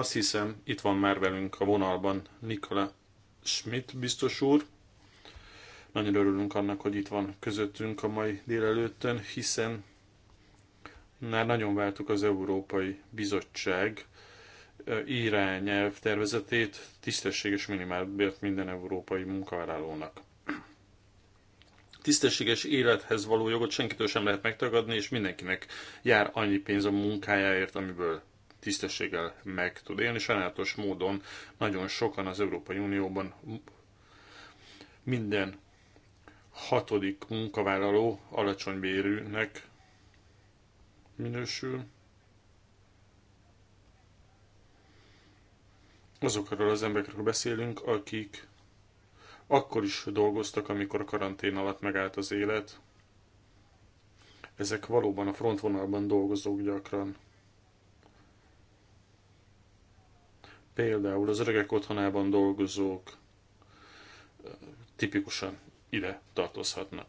Azt hiszem, itt van már velünk a vonalban Nikola Schmidt biztos úr. Nagyon örülünk annak, hogy itt van közöttünk a mai délelőttön, hiszen már nagyon vártuk az Európai Bizottság irányelv tervezetét, tisztességes minimálbért minden európai munkavállalónak. Tisztességes élethez való jogot senkitől sem lehet megtagadni, és mindenkinek jár annyi pénz a munkájáért, amiből tisztességgel meg tud élni. Sajnálatos módon nagyon sokan az Európai Unióban minden hatodik munkavállaló alacsony bérűnek minősül. Azokról az emberekről beszélünk, akik akkor is dolgoztak, amikor a karantén alatt megállt az élet. Ezek valóban a frontvonalban dolgozók gyakran. Például az öregek otthonában dolgozók tipikusan ide tartozhatnak.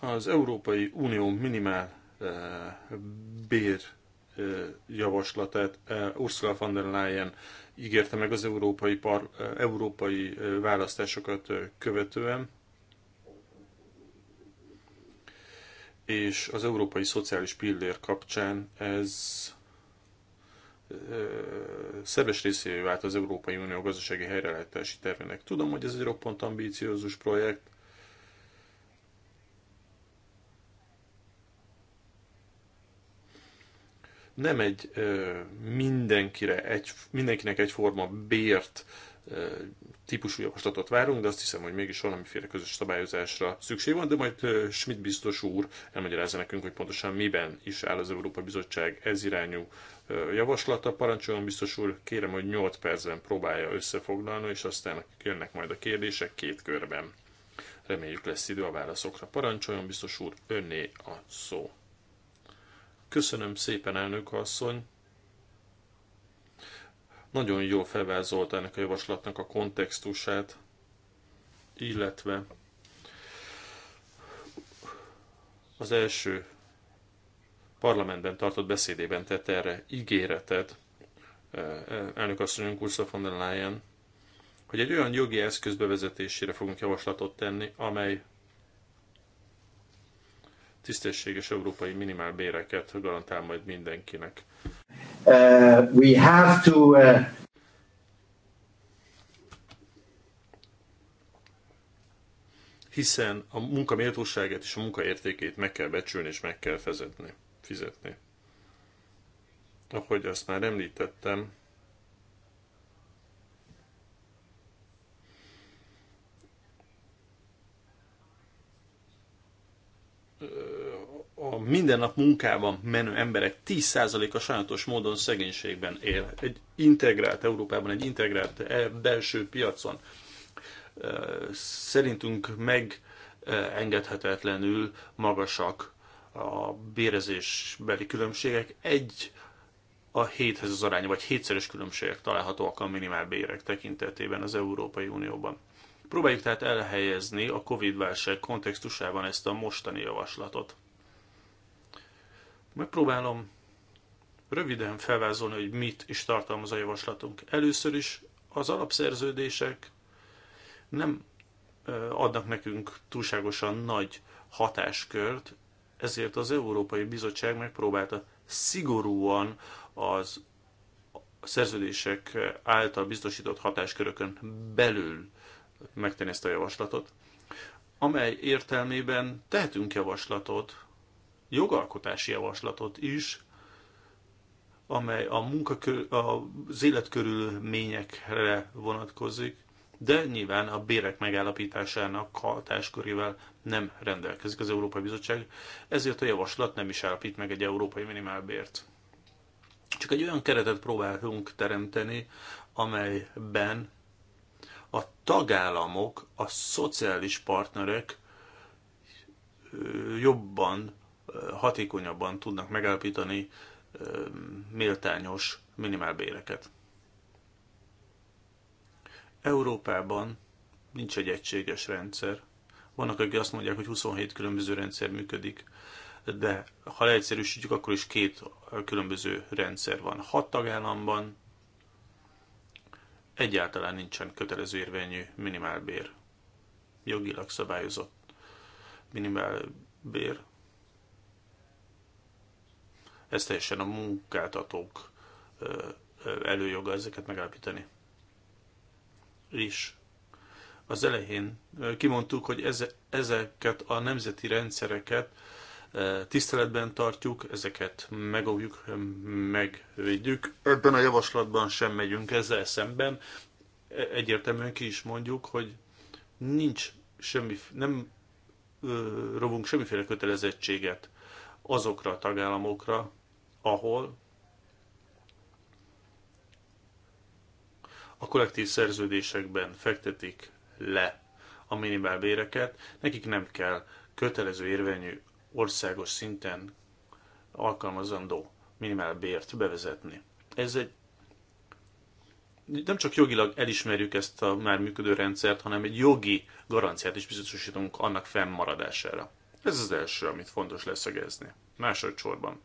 Az Európai Unió minimál bér javaslatát Ursula von der Leyen ígérte meg az európai, par, európai választásokat követően, és az európai szociális pillér kapcsán ez szerves részévé vált az Európai Unió gazdasági helyreállítási tervének. Tudom, hogy ez egy roppant ambíciózus projekt, nem egy ö, mindenkire egy, mindenkinek egyforma bért típusú javaslatot várunk, de azt hiszem, hogy mégis valamiféle közös szabályozásra szükség van, de majd Schmidt biztos úr elmagyarázza nekünk, hogy pontosan miben is áll az Európa Bizottság ez irányú javaslata. Parancsoljon biztos úr, kérem, hogy 8 percben próbálja összefoglalni, és aztán jönnek majd a kérdések két körben. Reméljük lesz idő a válaszokra. Parancsoljon biztos úr, önné a szó. Köszönöm szépen, elnök asszony! Nagyon jól felvázolta ennek a javaslatnak a kontextusát, illetve az első parlamentben tartott beszédében tett erre ígéretet eh, eh, asszonyunk Ursula von der Leyen, hogy egy olyan jogi eszköz bevezetésére fogunk javaslatot tenni, amely tisztességes európai béreket garantál majd mindenkinek. Uh, we have to uh... hiszen a munka méltóságát és a munka értékét meg kell becsülni és meg kell fizetni. fizetni. Ahogy azt már említettem, a mindennap munkában menő emberek 10%-a sajátos módon szegénységben él. Egy integrált Európában, egy integrált e, belső piacon e, szerintünk megengedhetetlenül magasak a bérezésbeli különbségek. Egy a héthez az aránya, vagy hétszeres különbségek találhatóak a bérek tekintetében az Európai Unióban. Próbáljuk tehát elhelyezni a Covid-válság kontextusában ezt a mostani javaslatot. Megpróbálom röviden felvázolni, hogy mit is tartalmaz a javaslatunk. Először is az alapszerződések nem adnak nekünk túlságosan nagy hatáskört, ezért az Európai Bizottság megpróbálta szigorúan az szerződések által biztosított hatáskörökön belül megtenni ezt a javaslatot, amely értelmében tehetünk javaslatot jogalkotási javaslatot is, amely a munkakör, az életkörülményekre vonatkozik, de nyilván a bérek megállapításának hatáskörével nem rendelkezik az Európai Bizottság, ezért a javaslat nem is állapít meg egy európai minimálbért. Csak egy olyan keretet próbálunk teremteni, amelyben a tagállamok, a szociális partnerek jobban hatékonyabban tudnak megállapítani méltányos minimálbéreket. Európában nincs egy egységes rendszer. Vannak, akik azt mondják, hogy 27 különböző rendszer működik, de ha leegyszerűsítjük, akkor is két különböző rendszer van. Hat tagállamban egyáltalán nincsen kötelező érvényű minimálbér, jogilag szabályozott minimálbér. Ez teljesen a munkáltatók előjoga ezeket megállapítani. És az elején kimondtuk, hogy ezeket a nemzeti rendszereket tiszteletben tartjuk, ezeket megóvjuk, megvédjük. Ebben a javaslatban sem megyünk ezzel szemben. E-, egyértelműen ki is mondjuk, hogy nincs semmi, nem rovunk semmiféle kötelezettséget azokra a tagállamokra, ahol a kollektív szerződésekben fektetik le a minimálbéreket, nekik nem kell kötelező érvényű országos szinten alkalmazandó minimálbért bevezetni. Ez egy nem csak jogilag elismerjük ezt a már működő rendszert, hanem egy jogi garanciát is biztosítunk annak fennmaradására. Ez az első, amit fontos leszögezni. Másodszorban.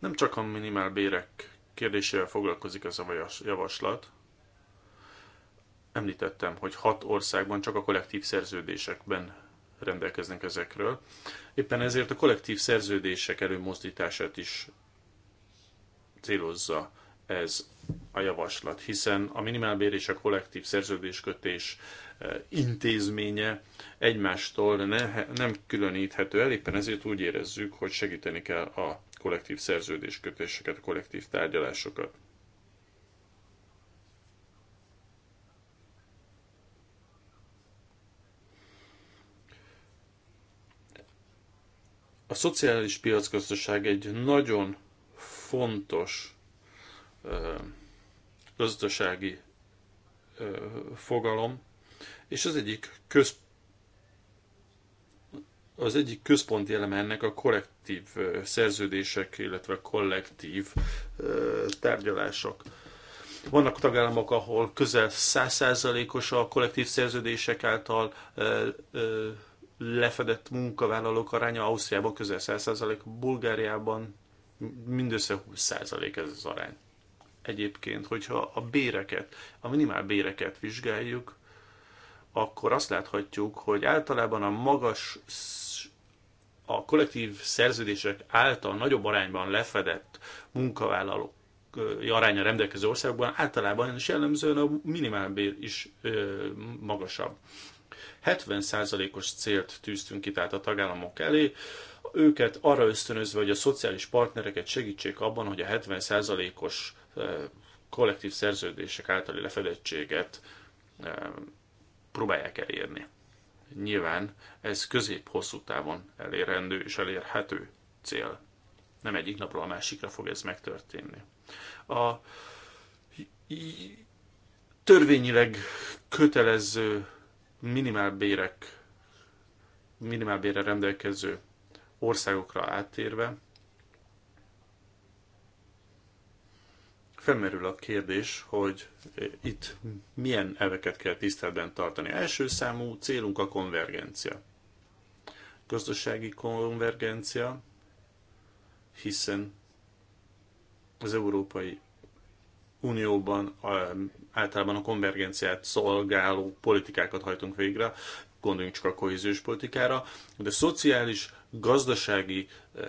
Nem csak a minimál bérek kérdésével foglalkozik ez a javaslat. Említettem, hogy hat országban csak a kollektív szerződésekben rendelkeznek ezekről. Éppen ezért a kollektív szerződések előmozdítását is célozza ez a javaslat, hiszen a minimálbér és a kollektív szerződéskötés e, intézménye egymástól ne, nem különíthető el, éppen ezért úgy érezzük, hogy segíteni kell a kollektív szerződéskötéseket, a kollektív tárgyalásokat. A szociális piacgazdaság egy nagyon fontos gazdasági fogalom, és az egyik központi az egyik központi eleme ennek a kollektív szerződések, illetve kollektív tárgyalások. Vannak tagállamok, ahol közel 100%-os a kollektív szerződések által lefedett munkavállalók aránya, Ausztriában közel 100%, Bulgáriában mindössze 20% ez az arány. Egyébként, hogyha a béreket, a minimál béreket vizsgáljuk, akkor azt láthatjuk, hogy általában a magas, a kollektív szerződések által nagyobb arányban lefedett munkavállalók aránya rendelkező országokban általában is jellemzően a minimálbér is ö, magasabb. 70%-os célt tűztünk ki tehát a tagállamok elé, őket arra ösztönözve, hogy a szociális partnereket segítsék abban, hogy a 70%-os kollektív szerződések általi lefedettséget próbálják elérni. Nyilván ez közép-hosszú távon elérendő és elérhető cél. Nem egyik napról a másikra fog ez megtörténni. A törvényileg kötelező minimálbérek, minimálbérre rendelkező országokra áttérve, felmerül a kérdés, hogy itt milyen elveket kell tiszteletben tartani. Első számú célunk a konvergencia. Gazdasági konvergencia, hiszen az Európai Unióban általában a konvergenciát szolgáló politikákat hajtunk végre, gondoljunk csak a kohéziós politikára, de szociális, gazdasági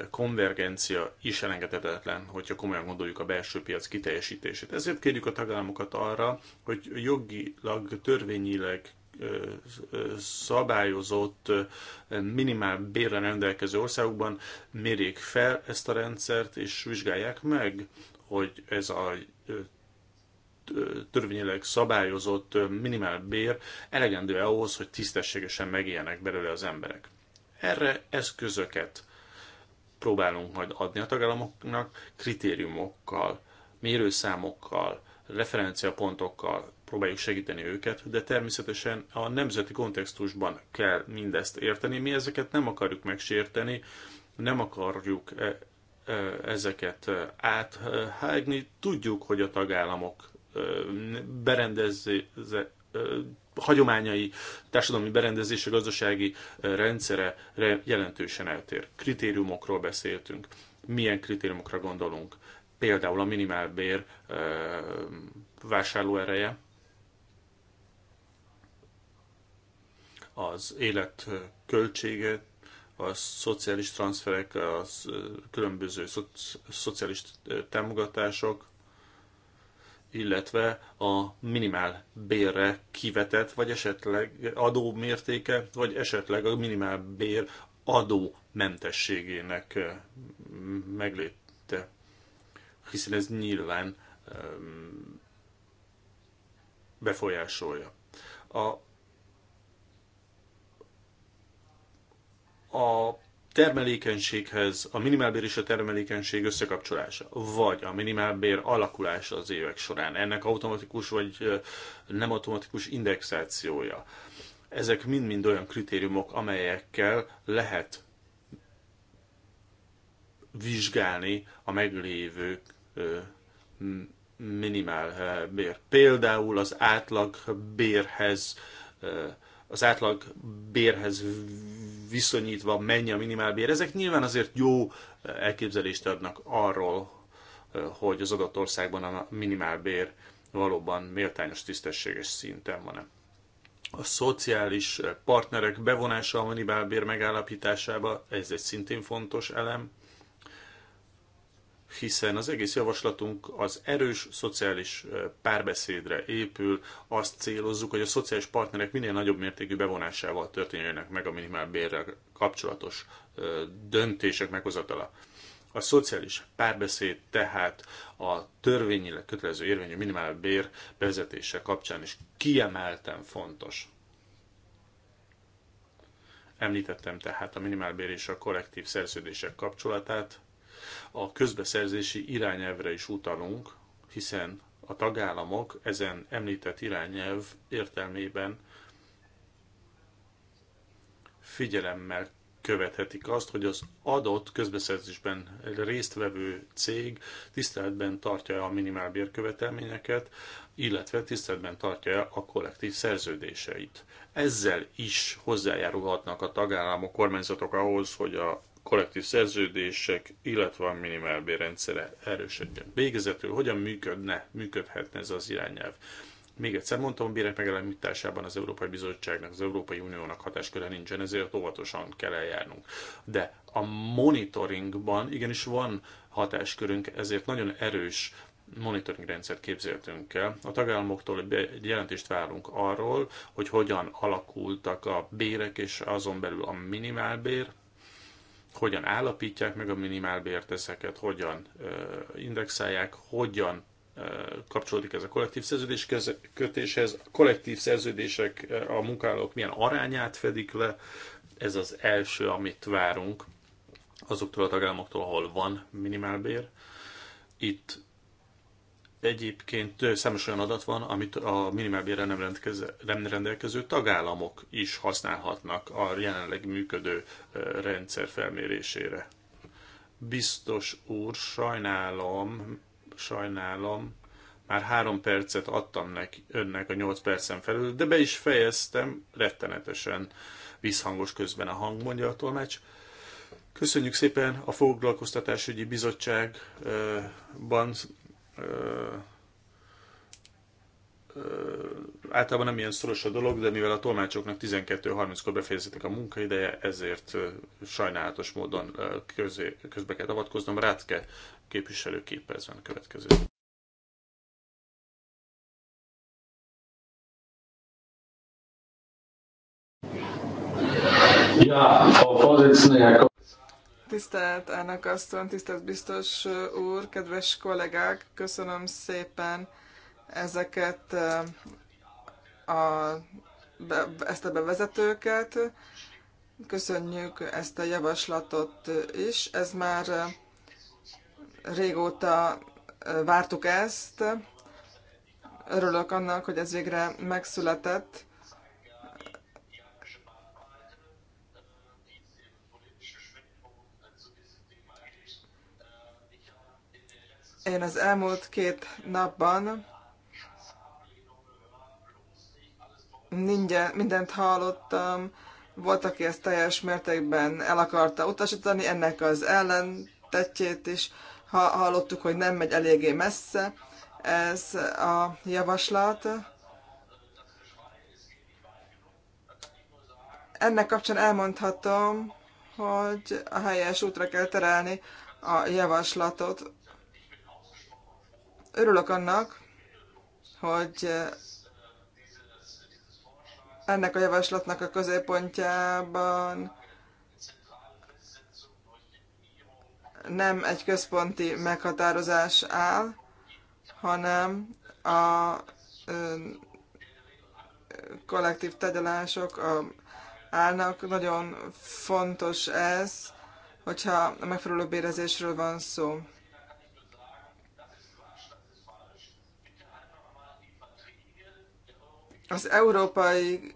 konvergencia is elengedhetetlen, hogyha komolyan gondoljuk a belső piac kiteljesítését. Ezért kérjük a tagállamokat arra, hogy jogilag, törvényileg szabályozott minimál bérre rendelkező országokban mérjék fel ezt a rendszert, és vizsgálják meg, hogy ez a törvényileg szabályozott minimál bér elegendő ahhoz, hogy tisztességesen megéljenek belőle az emberek. Erre eszközöket próbálunk majd adni a tagállamoknak, kritériumokkal, mérőszámokkal, referenciapontokkal próbáljuk segíteni őket, de természetesen a nemzeti kontextusban kell mindezt érteni. Mi ezeket nem akarjuk megsérteni, nem akarjuk e, e, ezeket áthágni. Tudjuk, hogy a tagállamok berendezze, hagyományai, társadalmi berendezése, gazdasági rendszere jelentősen eltér. Kritériumokról beszéltünk. Milyen kritériumokra gondolunk? Például a minimálbér vásárlóereje, az élet költsége, a szociális transferek, a különböző szociális támogatások, illetve a minimál bérre kivetett, vagy esetleg adó mértéke, vagy esetleg a minimál bér adó mentességének megléte. Hiszen ez nyilván befolyásolja. A, a termelékenységhez a minimálbér és a termelékenység összekapcsolása, vagy a minimálbér alakulása az évek során, ennek automatikus vagy nem automatikus indexációja. Ezek mind-mind olyan kritériumok, amelyekkel lehet vizsgálni a meglévő minimálbér. Például az átlagbérhez az átlag bérhez viszonyítva mennyi a minimálbér, ezek nyilván azért jó eh, elképzelést adnak arról, eh, hogy az adott országban a minimálbér valóban méltányos, tisztességes szinten van-e. A szociális eh, partnerek bevonása a minimálbér megállapításába, ez egy szintén fontos elem hiszen az egész javaslatunk az erős szociális párbeszédre épül, azt célozzuk, hogy a szociális partnerek minél nagyobb mértékű bevonásával történjenek meg a minimálbérrel kapcsolatos döntések meghozatala. A szociális párbeszéd tehát a törvényileg kötelező érvényű minimálbér bevezetése kapcsán is kiemelten fontos. Említettem tehát a minimálbér és a kollektív szerződések kapcsolatát, a közbeszerzési irányelvre is utalunk, hiszen a tagállamok ezen említett irányelv értelmében figyelemmel követhetik azt, hogy az adott közbeszerzésben résztvevő cég tiszteletben tartja a minimálbér követelményeket, illetve tiszteletben tartja a kollektív szerződéseit. Ezzel is hozzájárulhatnak a tagállamok, kormányzatok ahhoz, hogy a kollektív szerződések, illetve a minimálbérrendszere erősödjön. Végezetül hogyan működne, működhetne ez az irányelv? Még egyszer mondtam, a bérek megállapításában az Európai Bizottságnak, az Európai Uniónak hatásköre nincsen, ezért óvatosan kell eljárnunk. De a monitoringban igenis van hatáskörünk, ezért nagyon erős monitoring rendszert képzeltünk el. A tagállamoktól egy jelentést várunk arról, hogy hogyan alakultak a bérek és azon belül a minimálbér, hogyan állapítják meg a minimálbért ezeket, hogyan indexálják, hogyan kapcsolódik ez a kollektív szerződés kötéshez, a kollektív szerződések a munkálók milyen arányát fedik le, ez az első, amit várunk azoktól a tagállamoktól, ahol van minimálbér. Itt Egyébként számos olyan adat van, amit a minimálbérre nem, nem rendelkező tagállamok is használhatnak a jelenleg működő rendszer felmérésére. Biztos úr, sajnálom, sajnálom, már három percet adtam neki, önnek a nyolc percen felül, de be is fejeztem, rettenetesen visszhangos közben a hang, mondja a tolmács. Köszönjük szépen a Foglalkoztatásügyi Bizottságban általában nem ilyen szoros a dolog, de mivel a tolmácsoknak 12.30-kor befejezhetik a munkaideje, ezért sajnálatos módon közé, közbe kell avatkoznom. Rátke képviselő képercben a következő. Ja, a Vorsitzende, Tisztelt elnök asszony, tisztelt biztos úr, kedves kollégák, köszönöm szépen ezeket a, ezt a bevezetőket. Köszönjük ezt a javaslatot is. Ez már régóta vártuk ezt. Örülök annak, hogy ez végre megszületett. Én az elmúlt két napban minden, mindent hallottam, volt, aki ezt teljes mértékben el akarta utasítani, ennek az ellentetjét is ha hallottuk, hogy nem megy eléggé messze ez a javaslat. Ennek kapcsán elmondhatom, hogy a helyes útra kell terelni a javaslatot, Örülök annak, hogy ennek a javaslatnak a középpontjában nem egy központi meghatározás áll, hanem a kollektív tegyelások a, állnak. Nagyon fontos ez, hogyha a megfelelő bérezésről van szó. Az európai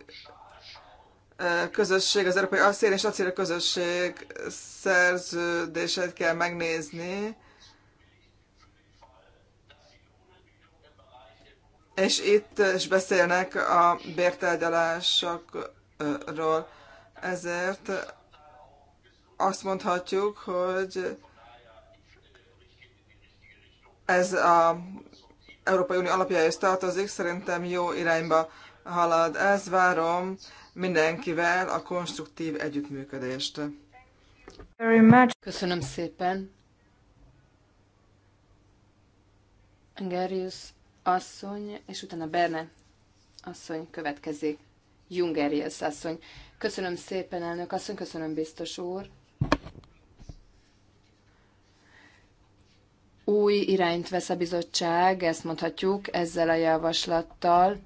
közösség, az európai acél és acél közösség szerződését kell megnézni, és itt is beszélnek a bértárgyalásokról. Ezért azt mondhatjuk, hogy ez a Európai Unió alapjához tartozik, szerintem jó irányba halad. Ez várom mindenkivel a konstruktív együttműködést. Köszönöm szépen. Engerius asszony, és utána Berne asszony következik. Jungerius asszony. Köszönöm szépen, elnök asszony, köszönöm biztos úr. új irányt vesz a bizottság, ezt mondhatjuk, ezzel a javaslattal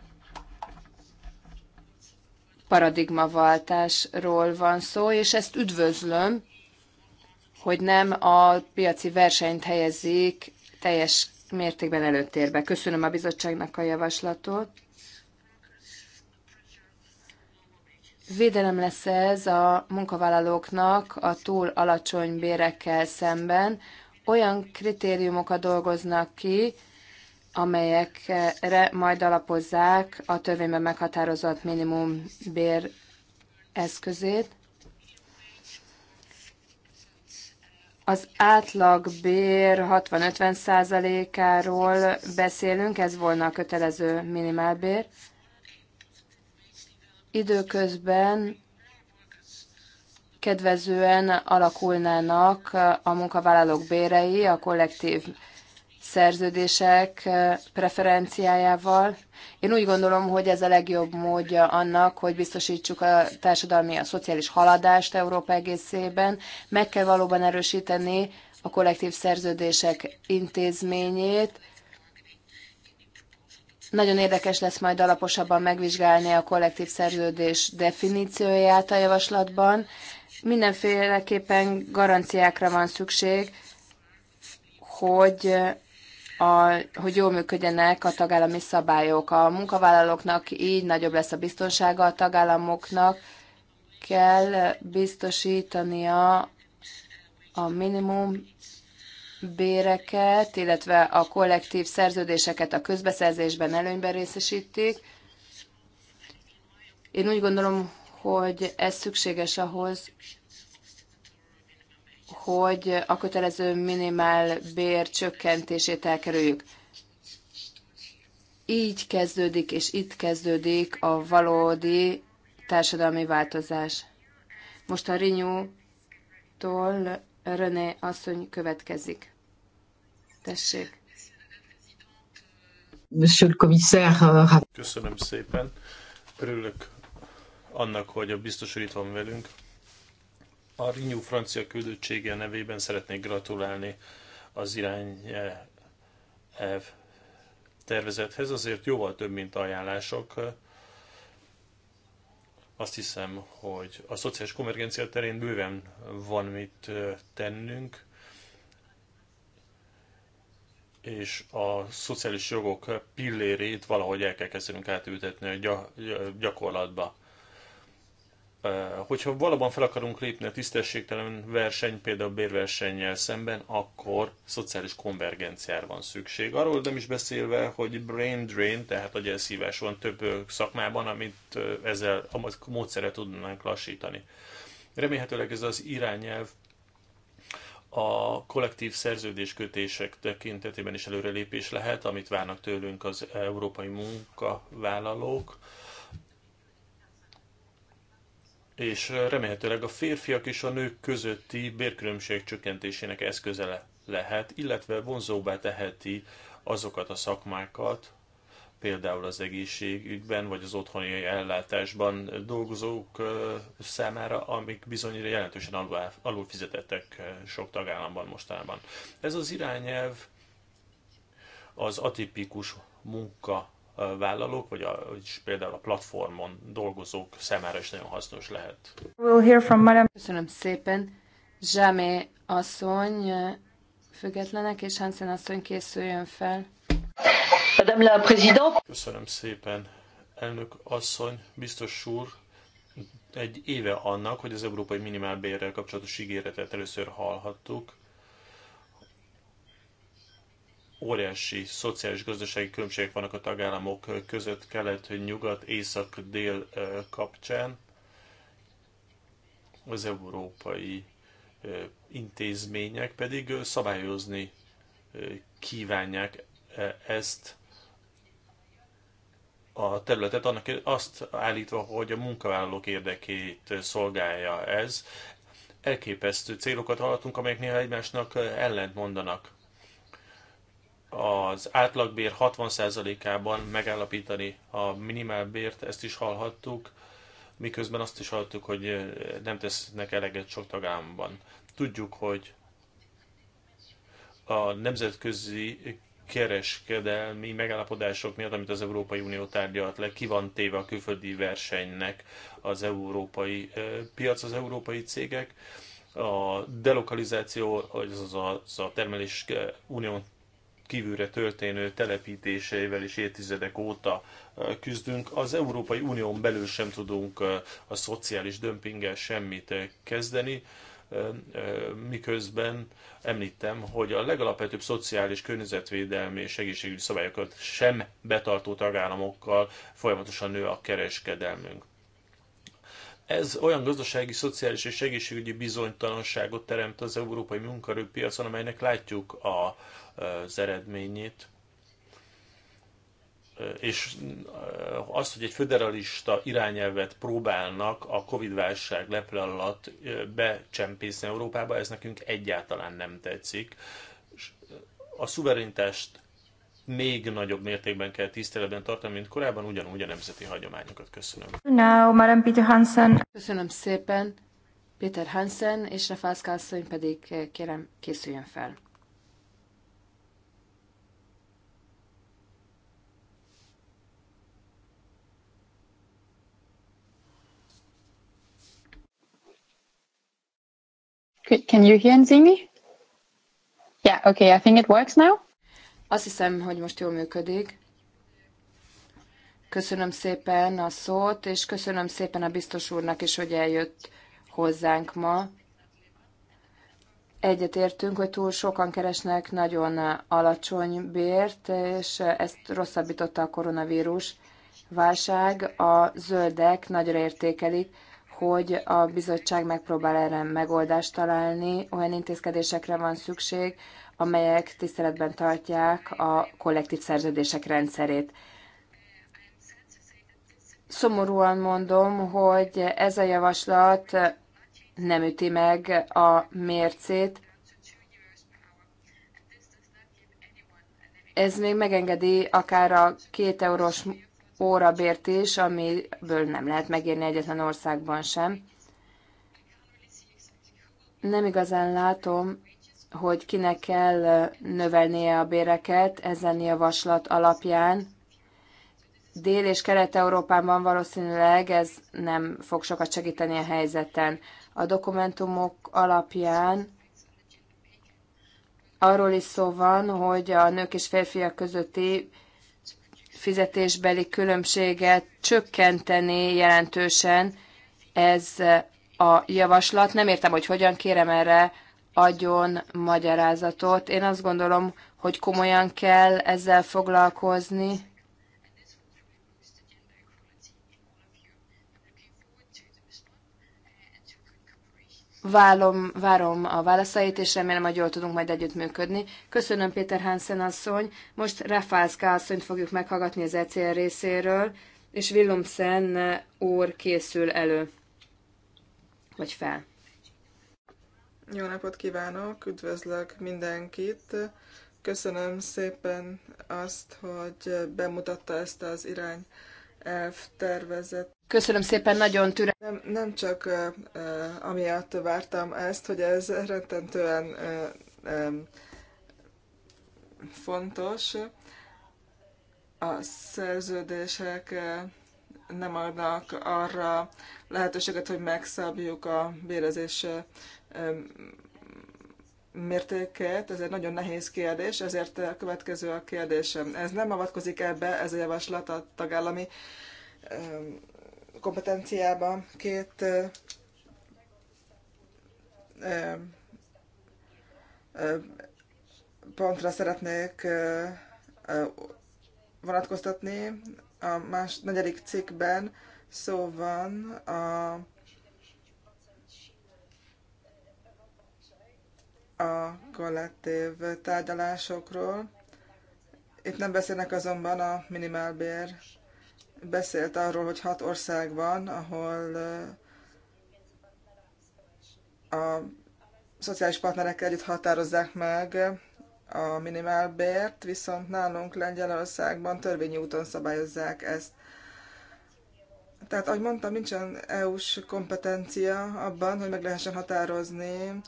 paradigmaváltásról van szó, és ezt üdvözlöm, hogy nem a piaci versenyt helyezik teljes mértékben előtérbe. Köszönöm a bizottságnak a javaslatot. Védelem lesz ez a munkavállalóknak a túl alacsony bérekkel szemben, olyan kritériumokat dolgoznak ki, amelyekre majd alapozzák a törvényben meghatározott minimum bér eszközét. Az bér 60-50 százalékáról beszélünk, ez volna a kötelező minimálbér. Időközben kedvezően alakulnának a munkavállalók bérei a kollektív szerződések preferenciájával. Én úgy gondolom, hogy ez a legjobb módja annak, hogy biztosítsuk a társadalmi, a szociális haladást Európa egészében. Meg kell valóban erősíteni a kollektív szerződések intézményét, nagyon érdekes lesz majd alaposabban megvizsgálni a kollektív szerződés definícióját a javaslatban. Mindenféleképpen garanciákra van szükség, hogy, a, hogy jól működjenek a tagállami szabályok. A munkavállalóknak így nagyobb lesz a biztonsága, a tagállamoknak kell biztosítania a minimum béreket, illetve a kollektív szerződéseket a közbeszerzésben előnyben részesítik. Én úgy gondolom, hogy ez szükséges ahhoz, hogy a kötelező minimál bér csökkentését elkerüljük. Így kezdődik, és itt kezdődik a valódi társadalmi változás. Most a Rinyútól René asszony következik. Tessék. Monsieur le commissaire. Euh, Köszönöm szépen. Örülök annak, hogy a biztos úr itt van velünk. A Renew francia küldöttsége nevében szeretnék gratulálni az irány tervezethez. Azért jóval több, mint ajánlások azt hiszem, hogy a szociális konvergencia terén bőven van mit tennünk, és a szociális jogok pillérét valahogy el kell kezdenünk átültetni a gyakorlatba hogyha valóban fel akarunk lépni a tisztességtelen verseny, például bérversennyel szemben, akkor szociális konvergenciára van szükség. Arról nem is beszélve, hogy brain drain, tehát agyelszívás van több szakmában, amit ezzel a módszerre tudnánk lassítani. Remélhetőleg ez az irányelv a kollektív szerződéskötések tekintetében is előrelépés lehet, amit várnak tőlünk az európai munkavállalók és remélhetőleg a férfiak és a nők közötti bérkülönbség csökkentésének eszköze lehet, illetve vonzóbbá teheti azokat a szakmákat, például az egészségügyben vagy az otthoni ellátásban dolgozók számára, amik bizonyra jelentősen alul, alul fizetettek sok tagállamban mostában. Ez az irányelv az atipikus munka vállalók, vagy, a, vagy például a platformon dolgozók számára is nagyon hasznos lehet. We'll hear from Madame. Köszönöm szépen. Zsámé asszony, függetlenek, és Hansen asszony készüljön fel. Madame la Présidente. Köszönöm szépen, elnök asszony, biztos úr, egy éve annak, hogy az európai minimálbérrel kapcsolatos ígéretet először hallhattuk, óriási szociális gazdasági különbségek vannak a tagállamok között, kelet, nyugat, észak, dél kapcsán. Az európai intézmények pedig szabályozni kívánják ezt a területet, annak azt állítva, hogy a munkavállalók érdekét szolgálja ez. Elképesztő célokat hallottunk, amelyek néha egymásnak ellent mondanak az átlagbér 60%-ában megállapítani a minimálbért, ezt is hallhattuk, miközben azt is hallottuk, hogy nem tesznek eleget sok tagállamban. Tudjuk, hogy a nemzetközi kereskedelmi megállapodások miatt, amit az Európai Unió tárgyalt le, ki van téve a külföldi versenynek az európai piac, az európai cégek. A delokalizáció, az a, az a termelés unión kívülre történő telepítéseivel is évtizedek óta küzdünk. Az Európai Unión belül sem tudunk a szociális dömpinggel semmit kezdeni, miközben említem, hogy a legalapvetőbb szociális környezetvédelmi és egészségügyi szabályokat sem betartó tagállamokkal folyamatosan nő a kereskedelmünk. Ez olyan gazdasági, szociális és egészségügyi bizonytalanságot teremt az európai munkaerőpiacon, amelynek látjuk a, az eredményét. És azt, hogy egy föderalista irányelvet próbálnak a Covid-válság leple alatt becsempészni Európába, ez nekünk egyáltalán nem tetszik. A szuverenitást még nagyobb mértékben kell tiszteletben tartani, mint korábban, ugyanúgy a nemzeti hagyományokat. Köszönöm. Now, Madam Peter Hansen. Köszönöm szépen. Peter Hansen és Rafalszka asszony pedig eh, kérem készüljön fel. Can you hear and see me? Yeah, okay, I think it works now. Azt hiszem, hogy most jól működik. Köszönöm szépen a szót, és köszönöm szépen a biztos úrnak is, hogy eljött hozzánk ma. Egyetértünk, hogy túl sokan keresnek nagyon alacsony bért, és ezt rosszabbította a koronavírus válság. A zöldek nagyra értékelik, hogy a bizottság megpróbál erre megoldást találni, olyan intézkedésekre van szükség, amelyek tiszteletben tartják a kollektív szerződések rendszerét. Szomorúan mondom, hogy ez a javaslat nem üti meg a mércét. Ez még megengedi akár a két eurós órabért is, amiből nem lehet megérni egyetlen országban sem. Nem igazán látom, hogy kinek kell növelnie a béreket ezen javaslat alapján. Dél- és Kelet-Európában valószínűleg ez nem fog sokat segíteni a helyzeten. A dokumentumok alapján arról is szó van, hogy a nők és férfiak közötti fizetésbeli különbséget csökkenteni jelentősen ez a javaslat. Nem értem, hogy hogyan kérem erre adjon magyarázatot. Én azt gondolom, hogy komolyan kell ezzel foglalkozni. Válom, várom a válaszait, és remélem, hogy jól tudunk majd együttműködni. Köszönöm Péter Hansen asszony. Most Rafalska asszonyt fogjuk meghallgatni az ECR részéről, és Willumsen úr készül elő. Vagy fel. Jó napot kívánok, üdvözlök mindenkit. Köszönöm szépen azt, hogy bemutatta ezt az irány tervezet. Köszönöm szépen, nagyon türelmes. Nem, nem csak uh, amiatt vártam ezt, hogy ez rettentően uh, um, fontos. A szerződések uh, nem adnak arra lehetőséget, hogy megszabjuk a bérezés mértékét, ez egy nagyon nehéz kérdés, ezért a következő a kérdésem. Ez nem avatkozik ebbe, ez a javaslat a tagállami kompetenciába. Két pontra szeretnék vonatkoztatni. A más, negyedik cikkben szó van a a kollektív tárgyalásokról. Itt nem beszélnek azonban a minimálbér. Beszélt arról, hogy hat ország van, ahol eh, a szociális partnerek együtt határozzák meg a minimálbért, viszont nálunk Lengyelországban törvényi úton szabályozzák ezt. Tehát, ahogy mondtam, nincsen EU-s kompetencia abban, hogy meg lehessen határozni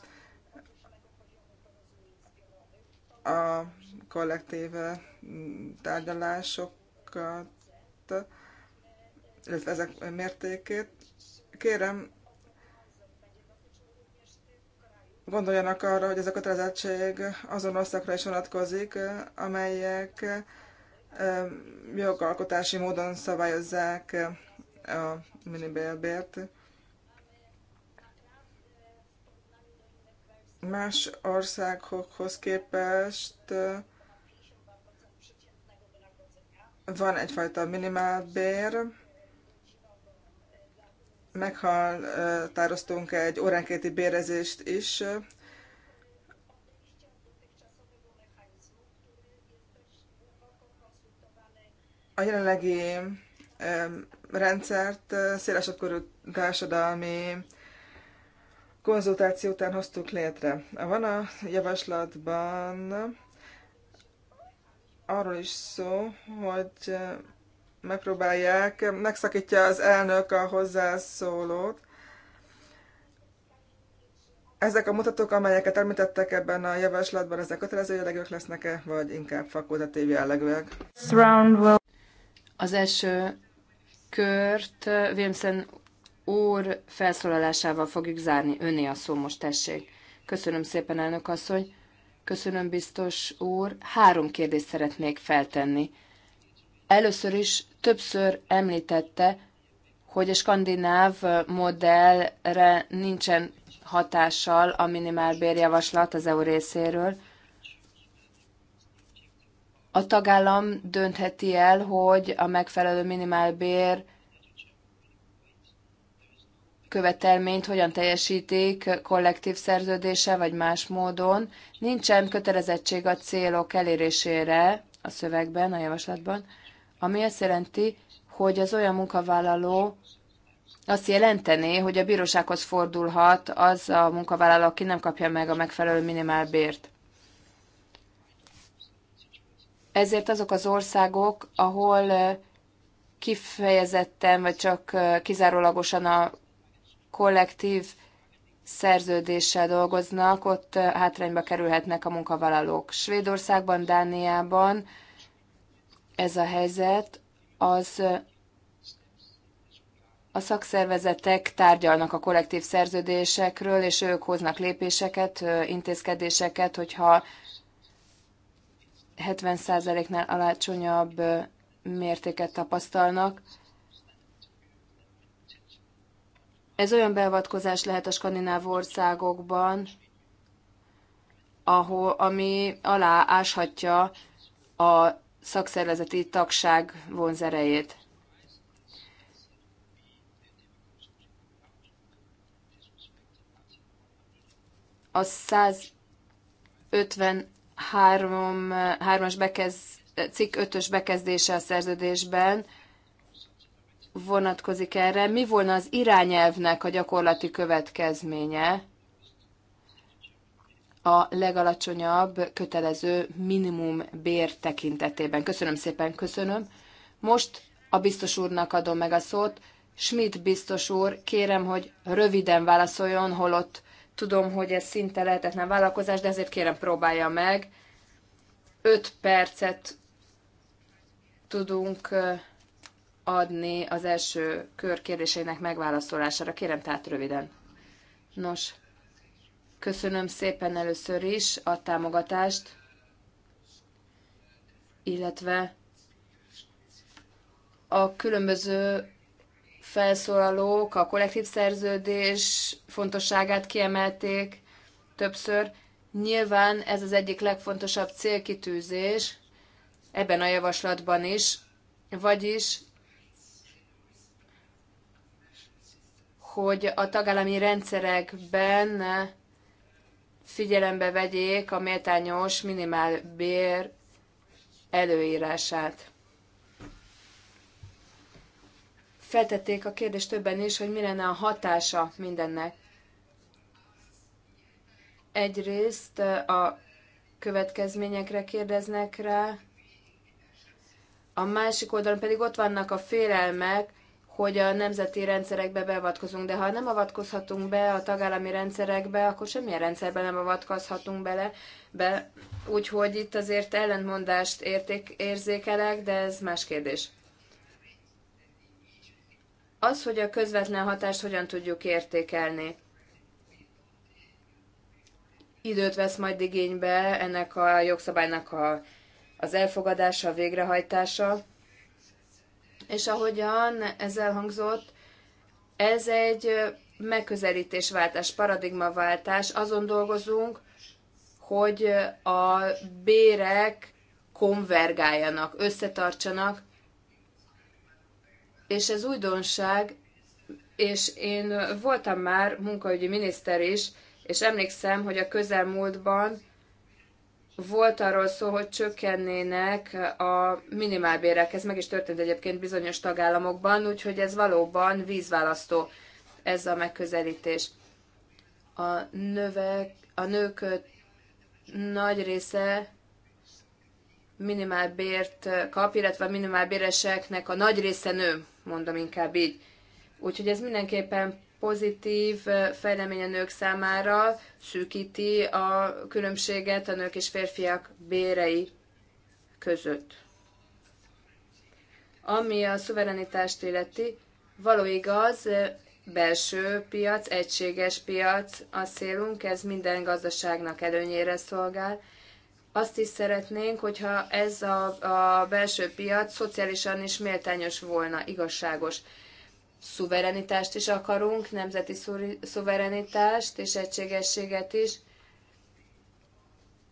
a kollektív tárgyalásokat, illetve ezek mértékét. Kérem, gondoljanak arra, hogy ez a kötelezettség azon országra is vonatkozik, amelyek jogalkotási módon szabályozzák a minibélbért. más országokhoz képest van egyfajta minimálbér. Meghatároztunk egy óránkéti bérezést is. A jelenlegi rendszert szélesebb körű társadalmi konzultáció után hoztuk létre. Van a javaslatban arról is szó, hogy megpróbálják, megszakítja az elnök a hozzászólót. Ezek a mutatók, amelyeket említettek ebben a javaslatban, ezek kötelező jellegűek lesznek-e, vagy inkább fakultatív jellegűek? Az első kört Williamson úr felszólalásával fogjuk zárni. Öné a szó most, tessék. Köszönöm szépen, elnök asszony. Köszönöm, biztos úr. Három kérdést szeretnék feltenni. Először is többször említette, hogy a skandináv modellre nincsen hatással a minimálbérjavaslat az EU részéről. A tagállam döntheti el, hogy a megfelelő minimálbér követelményt hogyan teljesítik kollektív szerződése vagy más módon. Nincsen kötelezettség a célok elérésére a szövegben, a javaslatban, ami azt jelenti, hogy az olyan munkavállaló azt jelentené, hogy a bírósághoz fordulhat az a munkavállaló, aki nem kapja meg a megfelelő minimálbért. Ezért azok az országok, ahol kifejezetten vagy csak kizárólagosan a kollektív szerződéssel dolgoznak, ott hátrányba kerülhetnek a munkavállalók. Svédországban, Dániában ez a helyzet, az a szakszervezetek tárgyalnak a kollektív szerződésekről, és ők hoznak lépéseket, intézkedéseket, hogyha 70%-nál alacsonyabb mértéket tapasztalnak, Ez olyan beavatkozás lehet a skandináv országokban, ahol, ami alááshatja a szakszervezeti tagság vonzerejét. A 153-as bekez, cikk 5-ös bekezdése a szerződésben vonatkozik erre. Mi volna az irányelvnek a gyakorlati következménye a legalacsonyabb kötelező minimum bér tekintetében? Köszönöm szépen, köszönöm. Most a biztos úrnak adom meg a szót. Schmidt biztos úr, kérem, hogy röviden válaszoljon, holott tudom, hogy ez szinte lehetetlen vállalkozás, de ezért kérem próbálja meg. Öt percet tudunk adni az első kör kérdéseinek megválaszolására. Kérem tehát röviden. Nos, köszönöm szépen először is a támogatást, illetve a különböző felszólalók a kollektív szerződés fontosságát kiemelték többször. Nyilván ez az egyik legfontosabb célkitűzés ebben a javaslatban is, vagyis hogy a tagállami rendszerekben figyelembe vegyék a méltányos minimálbér előírását. Feltették a kérdést többen is, hogy mi lenne a hatása mindennek. Egyrészt a következményekre kérdeznek rá, a másik oldalon pedig ott vannak a félelmek, hogy a nemzeti rendszerekbe beavatkozunk, de ha nem avatkozhatunk be a tagállami rendszerekbe, akkor semmilyen rendszerbe nem avatkozhatunk bele. Be. Úgyhogy itt azért ellentmondást érték, érzékelek, de ez más kérdés. Az, hogy a közvetlen hatást hogyan tudjuk értékelni. Időt vesz majd igénybe ennek a jogszabálynak a, az elfogadása, a végrehajtása és ahogyan ez elhangzott, ez egy megközelítésváltás, paradigmaváltás. Azon dolgozunk, hogy a bérek konvergáljanak, összetartsanak, és ez újdonság, és én voltam már munkaügyi miniszter is, és emlékszem, hogy a közelmúltban volt arról szó, hogy csökkennének a minimálbérek. Ez meg is történt egyébként bizonyos tagállamokban, úgyhogy ez valóban vízválasztó ez a megközelítés. A, növek, a nők nagy része minimálbért kap, illetve a minimálbéreseknek a nagy része nő, mondom inkább így. Úgyhogy ez mindenképpen pozitív fejlemény a nők számára szűkíti a különbséget a nők és férfiak bérei között. Ami a szuverenitást illeti, való igaz, belső piac, egységes piac a célunk, ez minden gazdaságnak előnyére szolgál. Azt is szeretnénk, hogyha ez a, a belső piac szociálisan is méltányos volna, igazságos szuverenitást is akarunk, nemzeti szuverenitást és egységességet is.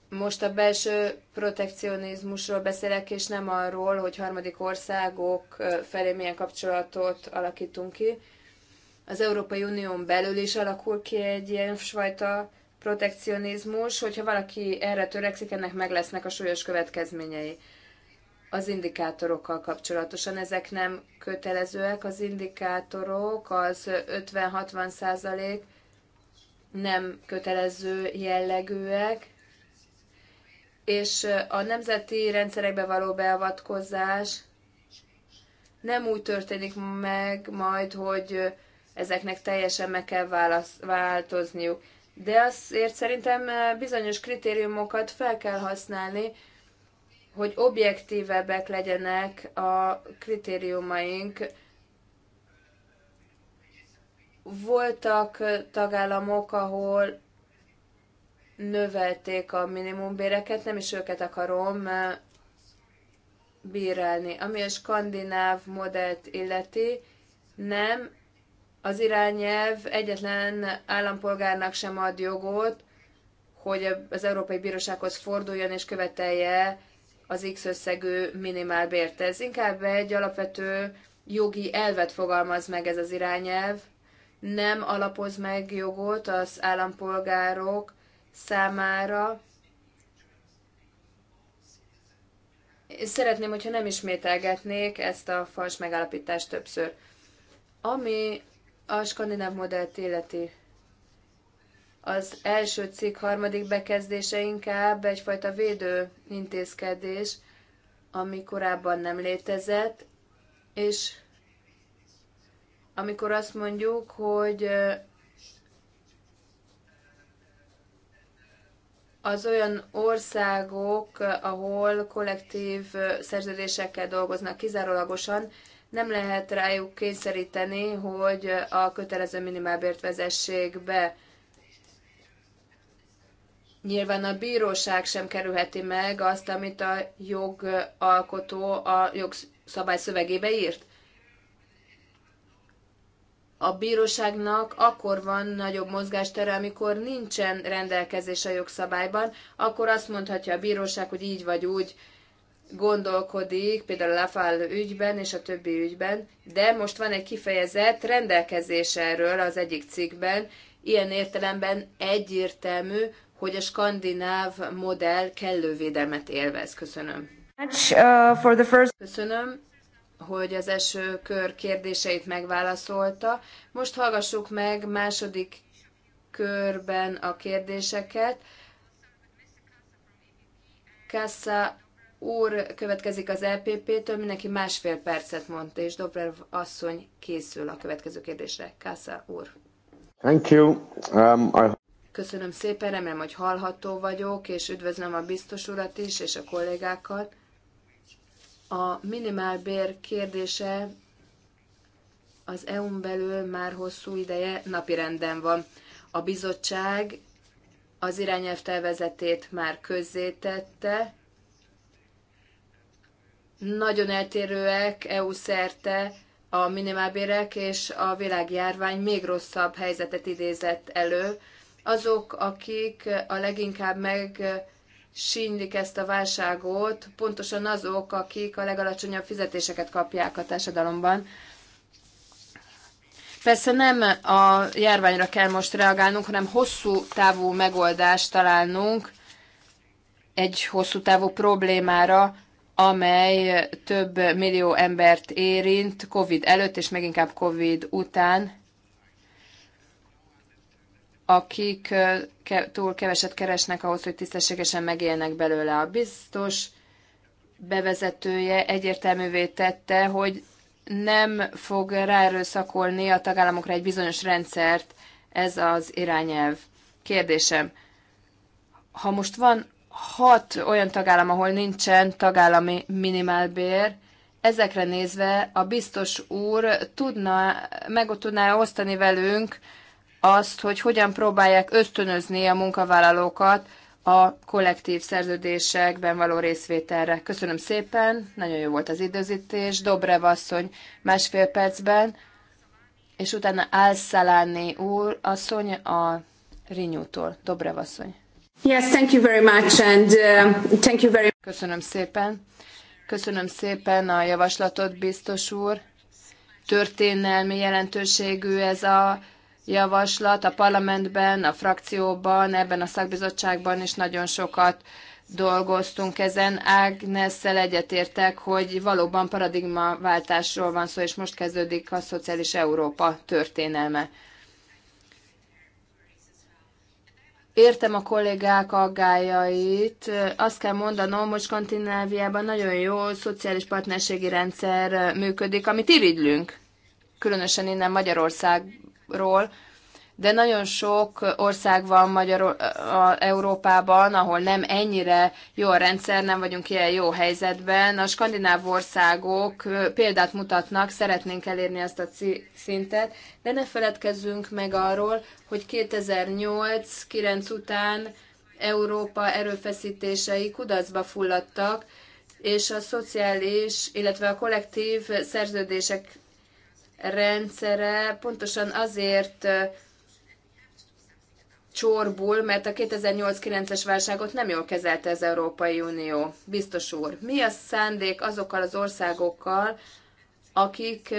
Most a belső protekcionizmusról beszélek, és nem arról, hogy harmadik országok felé milyen kapcsolatot alakítunk ki. Az Európai Unión belül is alakul ki egy ilyen fajta protekcionizmus, hogyha valaki erre törekszik, ennek meg lesznek a súlyos következményei az indikátorokkal kapcsolatosan. Ezek nem kötelezőek, az indikátorok, az 50-60 százalék nem kötelező jellegűek, és a nemzeti rendszerekbe való beavatkozás nem úgy történik meg majd, hogy ezeknek teljesen meg kell válasz, változniuk. De azért szerintem bizonyos kritériumokat fel kell használni, hogy objektívebbek legyenek a kritériumaink. Voltak tagállamok, ahol növelték a minimumbéreket, nem is őket akarom bírálni. Ami a skandináv modellt illeti, nem, az irányelv egyetlen állampolgárnak sem ad jogot, hogy az Európai Bírósághoz forduljon és követelje az X összegű bért. Ez inkább egy alapvető jogi elvet fogalmaz meg ez az irányelv, nem alapoz meg jogot az állampolgárok számára. Szeretném, hogyha nem ismételgetnék ezt a fals megállapítást többször. Ami a skandináv modellt illeti, az első cikk harmadik bekezdése inkább egyfajta védő intézkedés, ami korábban nem létezett, és amikor azt mondjuk, hogy az olyan országok, ahol kollektív szerződésekkel dolgoznak kizárólagosan, nem lehet rájuk kényszeríteni, hogy a kötelező minimálbért vezessék be. Nyilván a bíróság sem kerülheti meg azt, amit a jogalkotó a jogszabály szövegébe írt. A bíróságnak akkor van nagyobb mozgástere, amikor nincsen rendelkezés a jogszabályban, akkor azt mondhatja a bíróság, hogy így vagy úgy gondolkodik, például a Lafal ügyben és a többi ügyben, de most van egy kifejezett rendelkezés erről az egyik cikkben, ilyen értelemben egyértelmű, hogy a skandináv modell kellő védelmet élvez. Köszönöm. Uh, Köszönöm, hogy az első kör kérdéseit megválaszolta. Most hallgassuk meg második körben a kérdéseket. Kassa úr következik az LPP-től, e mindenki másfél percet mondta, és Dobrev asszony készül a következő kérdésre. Kassa úr. Thank you. Um, I... Köszönöm szépen, remélem, hogy hallható vagyok, és üdvözlöm a biztos urat is, és a kollégákat. A minimálbér kérdése az EU-n belül már hosszú ideje napirenden van. A bizottság az irányelv már közzétette. Nagyon eltérőek EU szerte a minimálbérek, és a világjárvány még rosszabb helyzetet idézett elő azok, akik a leginkább meg sínlik ezt a válságot, pontosan azok, akik a legalacsonyabb fizetéseket kapják a társadalomban. Persze nem a járványra kell most reagálnunk, hanem hosszú távú megoldást találnunk egy hosszú távú problémára, amely több millió embert érint COVID előtt és még inkább COVID után akik túl keveset keresnek ahhoz, hogy tisztességesen megélnek belőle. A biztos bevezetője egyértelművé tette, hogy nem fog ráerőszakolni a tagállamokra egy bizonyos rendszert ez az irányelv. Kérdésem, ha most van hat olyan tagállam, ahol nincsen tagállami minimálbér, ezekre nézve a biztos úr tudna, meg tudná osztani velünk azt, hogy hogyan próbálják ösztönözni a munkavállalókat a kollektív szerződésekben való részvételre. Köszönöm szépen, nagyon jó volt az időzítés. Dobrev asszony másfél percben, és utána Álszaláni úr asszony a Rinyútól. Dobrev asszony. Yes, thank you very much, and uh, thank you very Köszönöm szépen. Köszönöm szépen a javaslatot, biztos úr. Történelmi jelentőségű ez a javaslat a parlamentben, a frakcióban, ebben a szakbizottságban is nagyon sokat dolgoztunk ezen. Ágnesszel egyetértek, hogy valóban paradigmaváltásról van szó, és most kezdődik a szociális Európa történelme. Értem a kollégák aggájait. Azt kell mondanom, hogy Skandináviában nagyon jó szociális partnerségi rendszer működik, amit irigylünk. Különösen innen Magyarország ról, de nagyon sok ország van Magyar a, Európában, ahol nem ennyire jó a rendszer, nem vagyunk ilyen jó helyzetben. A skandináv országok példát mutatnak, szeretnénk elérni ezt a szintet, de ne feledkezzünk meg arról, hogy 2008-9 után Európa erőfeszítései kudarcba fulladtak, és a szociális, illetve a kollektív szerződések rendszere pontosan azért csorbul, mert a 2008-9-es válságot nem jól kezelte az Európai Unió. Biztos úr, mi a szándék azokkal az országokkal, akik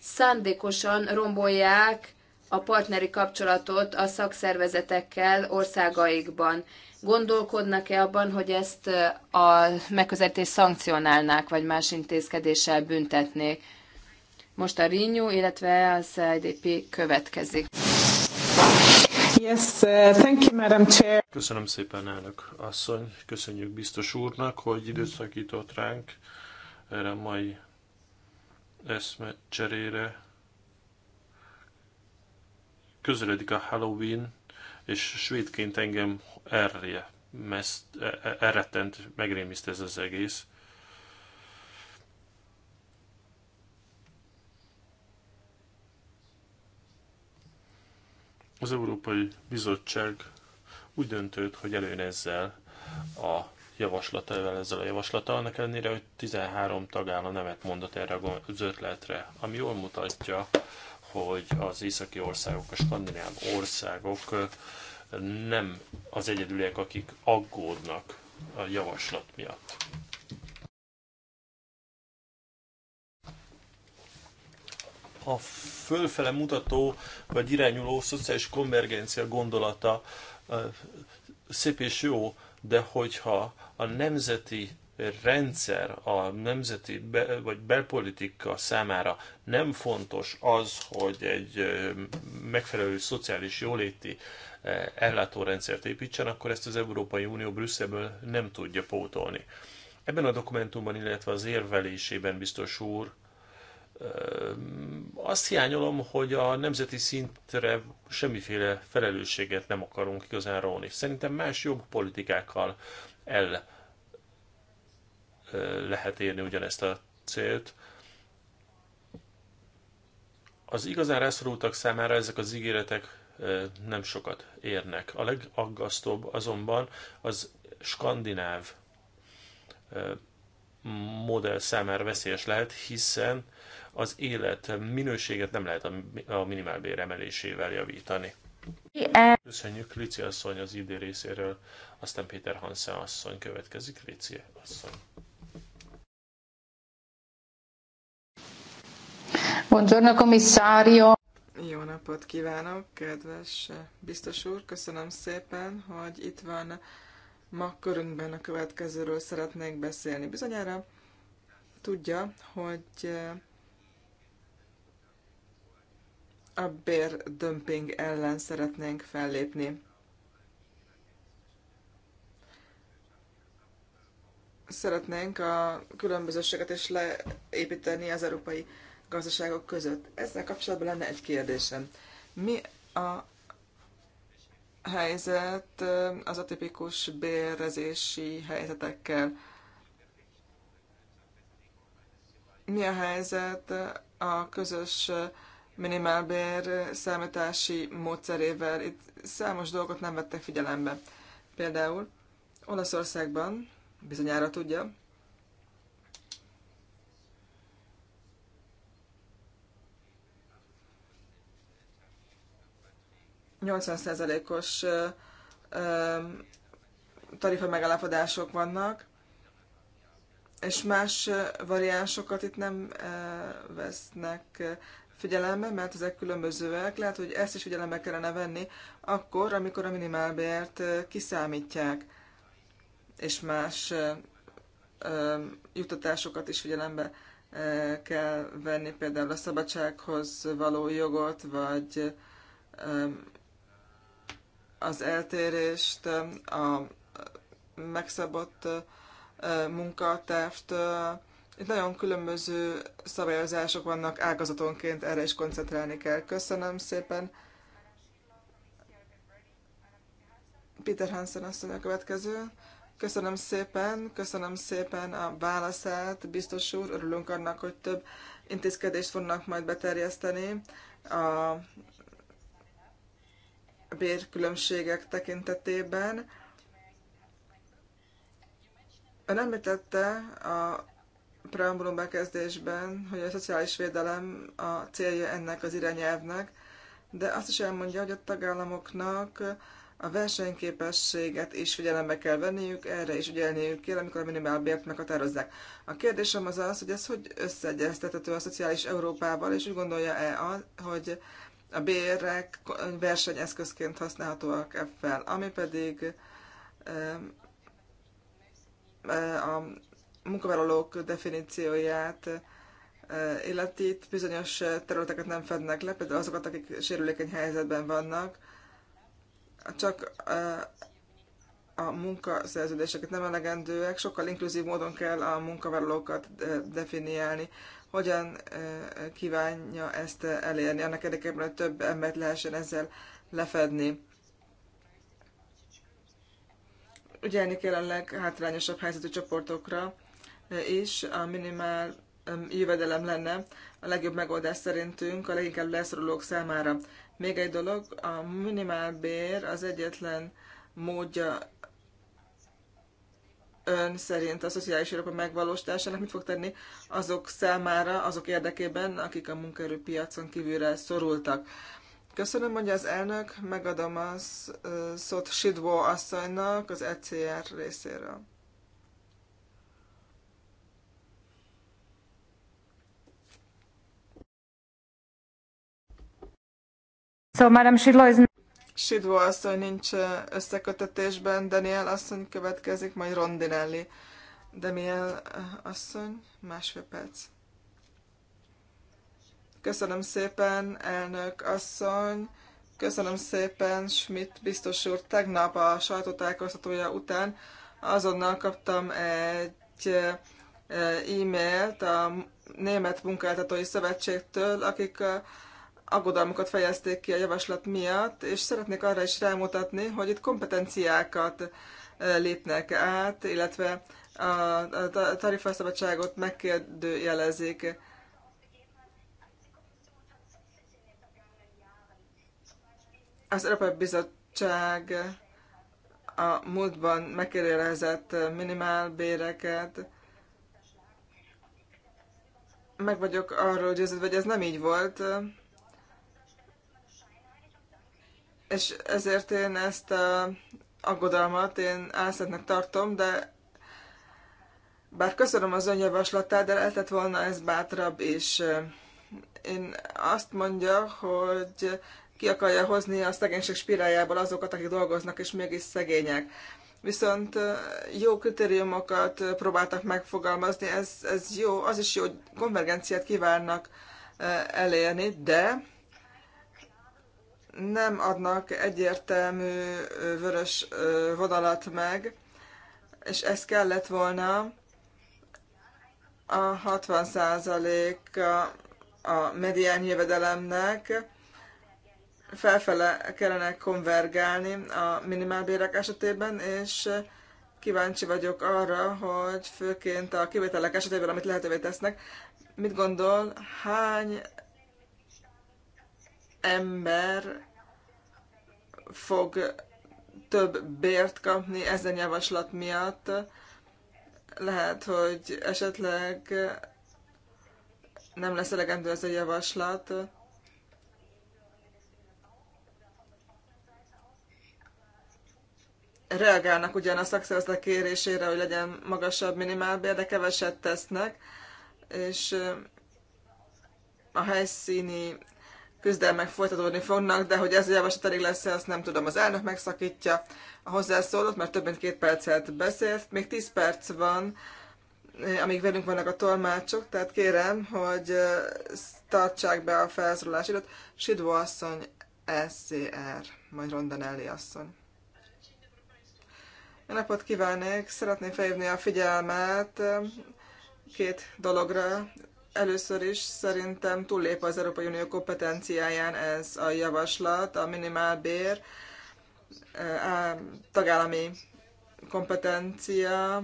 szándékosan rombolják a partneri kapcsolatot a szakszervezetekkel országaikban. Gondolkodnak-e abban, hogy ezt a megközelítést szankcionálnák, vagy más intézkedéssel büntetnék? Most a Renew, illetve az IDP következik. Yes, thank you, Madam Chair. Köszönöm szépen, elnök asszony. Köszönjük biztos úrnak, hogy időszakított ránk erre a mai eszme cserére. Közeledik a Halloween, és svédként engem erre erre tent, megrémiszt ez az egész. Az Európai Bizottság úgy döntött, hogy előn ezzel a javaslata, ezzel a javaslata, annak ellenére, hogy 13 tagállam nemet mondott erre az ötletre, ami jól mutatja, hogy az északi országok, a skandináv országok nem az egyedüliek, akik aggódnak a javaslat miatt. a fölfele mutató vagy irányuló szociális konvergencia gondolata szép és jó, de hogyha a nemzeti rendszer, a nemzeti be, vagy belpolitika számára nem fontos az, hogy egy megfelelő szociális jóléti ellátórendszert építsen, akkor ezt az Európai Unió Brüsszelből nem tudja pótolni. Ebben a dokumentumban, illetve az érvelésében biztos úr azt hiányolom, hogy a nemzeti szintre semmiféle felelősséget nem akarunk igazán róni. Szerintem más jobb politikákkal el lehet érni ugyanezt a célt. Az igazán rászorultak számára ezek az ígéretek nem sokat érnek. A legaggasztóbb azonban az skandináv modell számára veszélyes lehet, hiszen az élet minőséget nem lehet a minimálbér emelésével javítani. Köszönjük Lici asszony az idő részéről, aztán Péter Hansen asszony következik, Lici asszony. Buongiorno commissario. Jó napot kívánok, kedves biztos úr, köszönöm szépen, hogy itt van ma körünkben a következőről szeretnék beszélni. Bizonyára tudja, hogy eh, a bérdömping ellen szeretnénk fellépni. Szeretnénk a különbözőséget is leépíteni az európai gazdaságok között. Ezzel kapcsolatban lenne egy kérdésem. Mi a helyzet az a tipikus bérezési helyzetekkel. Mi a helyzet a közös minimálbér számítási módszerével? Itt számos dolgot nem vettek figyelembe. Például Olaszországban, bizonyára tudja, 80%-os tarifa megállapodások vannak, és más variánsokat itt nem vesznek figyelembe, mert ezek különbözőek. Lehet, hogy ezt is figyelembe kellene venni akkor, amikor a minimálbért kiszámítják, és más juttatásokat is figyelembe kell venni, például a szabadsághoz való jogot, vagy az eltérést a megszabott munkatávtől. Itt nagyon különböző szabályozások vannak, ágazatonként erre is koncentrálni kell. Köszönöm szépen. Peter Hansen asszony a következő. Köszönöm szépen, köszönöm szépen a válaszát, biztos úr, örülünk annak, hogy több intézkedést fognak majd beterjeszteni a bérkülönbségek tekintetében. Ön említette a preambulum bekezdésben, hogy a szociális védelem a célja ennek az irányelvnek, de azt is elmondja, hogy a tagállamoknak a versenyképességet is figyelembe kell venniük, erre is ügyelniük kell, amikor a minimálbért meghatározzák. A kérdésem az az, hogy ez hogy összeegyeztethető a szociális Európával, és úgy gondolja-e, hogy a bérek versenyeszközként használhatóak ebben, ami pedig a munkavállalók definícióját eh, illeti, itt bizonyos területeket nem fednek le, például azokat, akik sérülékeny helyzetben vannak, csak eh, a munkaszerződéseket nem elegendőek, sokkal inkluzív módon kell a munkavállalókat eh, definiálni. Hogyan eh, kívánja ezt eh, elérni? Annak érdekében, hogy több embert lehessen ezzel lefedni. Ügyelni kell a leghátrányosabb helyzetű csoportokra is, a minimál jövedelem lenne a legjobb megoldás szerintünk a leginkább leszorulók számára. Még egy dolog, a minimálbér az egyetlen módja ön szerint a szociális Európa megvalósításának mit fog tenni azok számára, azok érdekében, akik a munkaerőpiacon kívülre szorultak? Köszönöm, mondja az elnök, megadom a szót Sidvó asszonynak az ECR részéről. So, Madam Sidlo is... Sidvo asszony nincs összekötetésben, Daniel asszony következik, majd Rondinelli. Daniel asszony, másfél perc. Köszönöm szépen, elnök asszony. Köszönöm szépen, Schmidt biztos úr. Tegnap a sajtótájékoztatója után azonnal kaptam egy e-mailt a Német Munkáltatói Szövetségtől, akik aggodalmukat fejezték ki a javaslat miatt, és szeretnék arra is rámutatni, hogy itt kompetenciákat lépnek át, illetve a tarifaszabadságot megkérdőjelezik. Az Európai Bizottság a múltban megkérdőjelezett béreket. Meg vagyok arról győződve, hogy ez nem így volt. és ezért én ezt a aggodalmat én álszednek tartom, de bár köszönöm az önjavaslatát, de lehetett volna ez bátrabb, és én azt mondja, hogy ki akarja hozni a szegénység spiráljából azokat, akik dolgoznak, és mégis szegények. Viszont jó kritériumokat próbáltak megfogalmazni, ez, ez jó, az is jó, hogy konvergenciát kívánnak elérni, de nem adnak egyértelmű vörös vonalat meg, és ez kellett volna a 60% a, a medián jövedelemnek, felfele kellene konvergálni a minimálbérek esetében, és kíváncsi vagyok arra, hogy főként a kivételek esetében, amit lehetővé tesznek, mit gondol, hány ember fog több bért kapni ezen javaslat miatt. Lehet, hogy esetleg nem lesz elegendő ez a javaslat. Reagálnak ugyan a szakszervezetek kérésére, hogy legyen magasabb minimálbér, de keveset tesznek, és a helyszíni küzdelmek folytatódni fognak, de hogy ez a javaslat elég lesz, azt nem tudom. Az elnök megszakítja a hozzászólót, mert több mint két percet beszélt, még tíz perc van, eh, amíg velünk vannak a tolmácsok, tehát kérem, hogy eh, tartsák be a felszólalás időt. Sidvo asszony, SCR, majd Rondanelli asszony. Jó napot kívánok! Szeretném felhívni a figyelmet eh, két dologra. Először is szerintem túllép az Európai Unió kompetenciáján ez a javaslat, a minimálbér, a eh, tagállami kompetencia.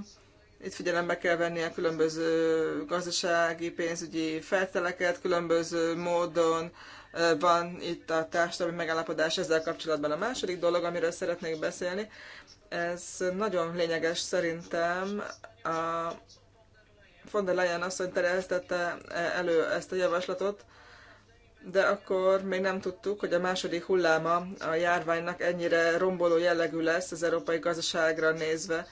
Itt figyelembe kell venni a különböző gazdasági, pénzügyi felteleket, különböző módon eh, van itt a társadalmi megállapodás ezzel kapcsolatban. A második dolog, amiről szeretnék beszélni, ez nagyon lényeges szerintem a von der Leyen asszony terjesztette eh, elő ezt a javaslatot, de akkor még nem tudtuk, hogy a második hulláma a járványnak ennyire romboló jellegű lesz az európai gazdaságra nézve.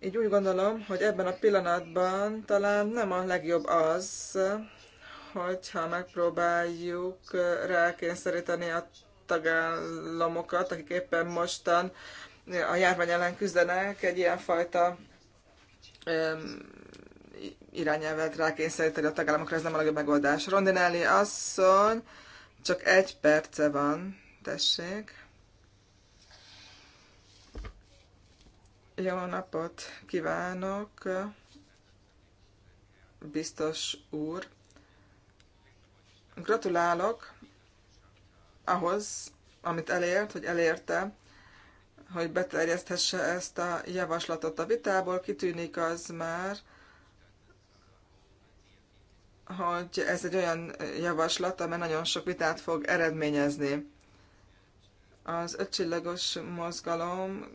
Így úgy gondolom, hogy ebben a pillanatban talán nem a legjobb az, hogyha megpróbáljuk eh, rákényszeríteni a tagállamokat, akik éppen mostan eh, a járvány ellen küzdenek, egy ilyenfajta irányelvet rákényszeríteni a tagállamokra, ez nem a legjobb megoldás. Rondinelli asszony, csak egy perce van, tessék. Jó napot kívánok, biztos úr. Gratulálok ahhoz, amit elért, hogy elérte hogy beterjeszthesse ezt a javaslatot. A vitából kitűnik az már, hogy ez egy olyan javaslat, amely nagyon sok vitát fog eredményezni. Az ötcsillagos mozgalom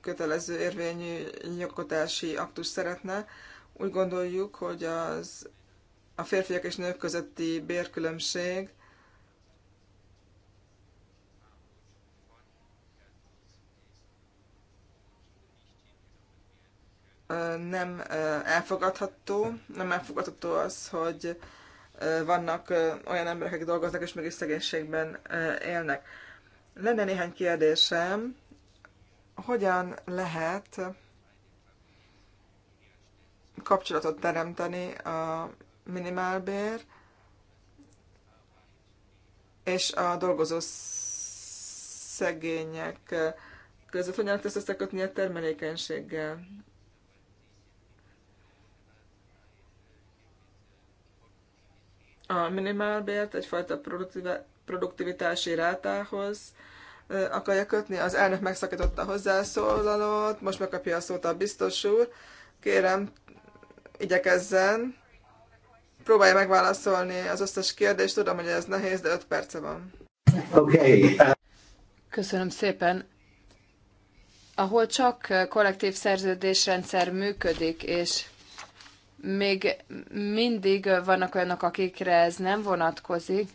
kötelező érvényű nyokotási aktus szeretne. Úgy gondoljuk, hogy az a férfiak és nők közötti bérkülönbség nem elfogadható. Nem elfogadható az, hogy vannak olyan emberek, akik dolgoznak, és mégis szegénységben élnek. Lenne néhány kérdésem, hogyan lehet kapcsolatot teremteni a minimálbér és a dolgozó szegények között. Hogyan lehet ezt összekötni a termelékenységgel? a minimálbért egyfajta produktivitási rátához akarja kötni. Az elnök megszakította a hozzászólalót, most megkapja a szót a biztos úr. Kérem, igyekezzen, próbálja megválaszolni az összes kérdést. Tudom, hogy ez nehéz, de 5 perce van. Okay. Köszönöm szépen ahol csak kollektív szerződésrendszer működik, és még mindig vannak olyanok, akikre ez nem vonatkozik.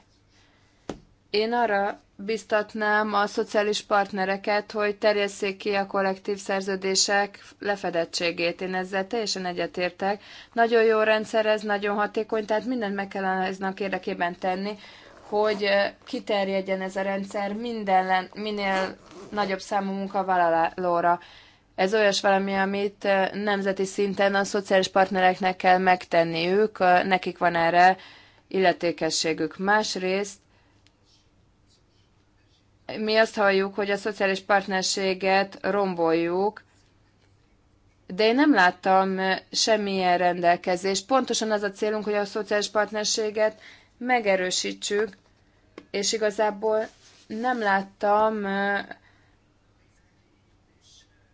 Én arra biztatnám a szociális partnereket, hogy terjesszék ki a kollektív szerződések lefedettségét. Én ezzel teljesen egyetértek. Nagyon jó rendszer ez, nagyon hatékony, tehát mindent meg kellene eznek érdekében tenni, hogy kiterjedjen ez a rendszer minden, minél nagyobb számú munkavállalóra. Ez olyas valami, amit eh, nemzeti szinten a szociális partnereknek kell megtenniük, eh, nekik van erre illetékességük. Másrészt mi azt halljuk, hogy a szociális partnerséget romboljuk, de én nem láttam eh, semmilyen rendelkezést. Pontosan az a célunk, hogy a szociális partnerséget megerősítsük, és igazából nem láttam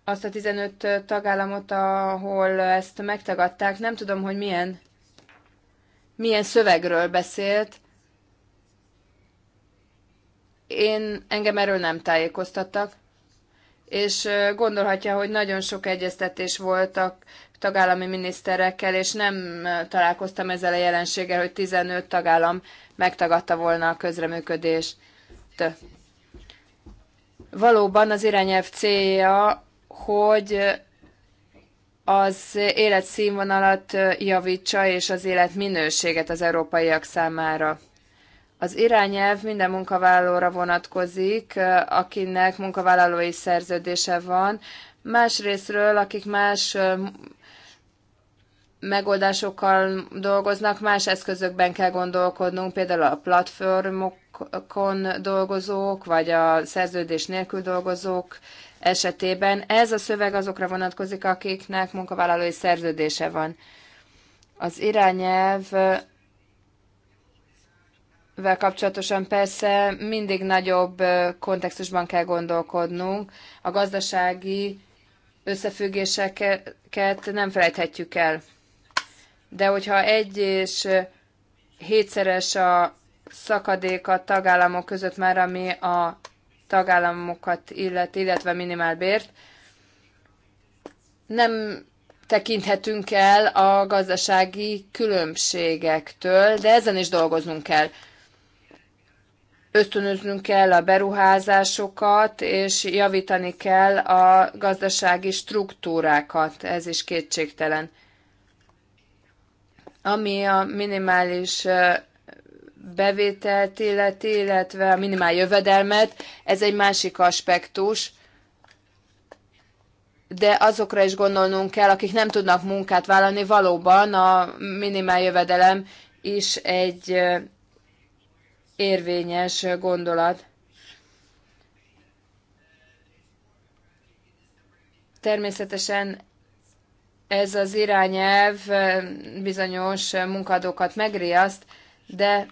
azt a 15 tagállamot, ahol ezt megtagadták. Nem tudom, hogy milyen, milyen szövegről beszélt. Én engem erről nem tájékoztattak, és gondolhatja, hogy nagyon sok egyeztetés voltak tagállami miniszterekkel, és nem találkoztam ezzel a jelenséggel, hogy 15 tagállam megtagadta volna a közreműködést. Valóban az irányelv célja hogy az életszínvonalat javítsa és az életminőséget az európaiak számára. Az irányelv minden munkavállalóra vonatkozik, akinek munkavállalói szerződése van, másrésztről, akik más megoldásokkal dolgoznak, más eszközökben kell gondolkodnunk, például a platformokon dolgozók, vagy a szerződés nélkül dolgozók esetében. Ez a szöveg azokra vonatkozik, akiknek munkavállalói szerződése van. Az irányelv vel kapcsolatosan persze mindig nagyobb kontextusban kell gondolkodnunk. A gazdasági összefüggéseket nem felejthetjük el. De hogyha egy és hétszeres a szakadék a tagállamok között már, ami a tagállamokat illet, illetve minimálbért, nem tekinthetünk el a gazdasági különbségektől, de ezen is dolgoznunk kell. Ösztönöznünk kell a beruházásokat, és javítani kell a gazdasági struktúrákat, ez is kétségtelen. Ami a minimális bevételt élet, illetve a minimál jövedelmet, ez egy másik aspektus, de azokra is gondolnunk kell, akik nem tudnak munkát vállalni, valóban a minimál jövedelem is egy érvényes gondolat. Természetesen ez az irányelv bizonyos munkadókat megriaszt, de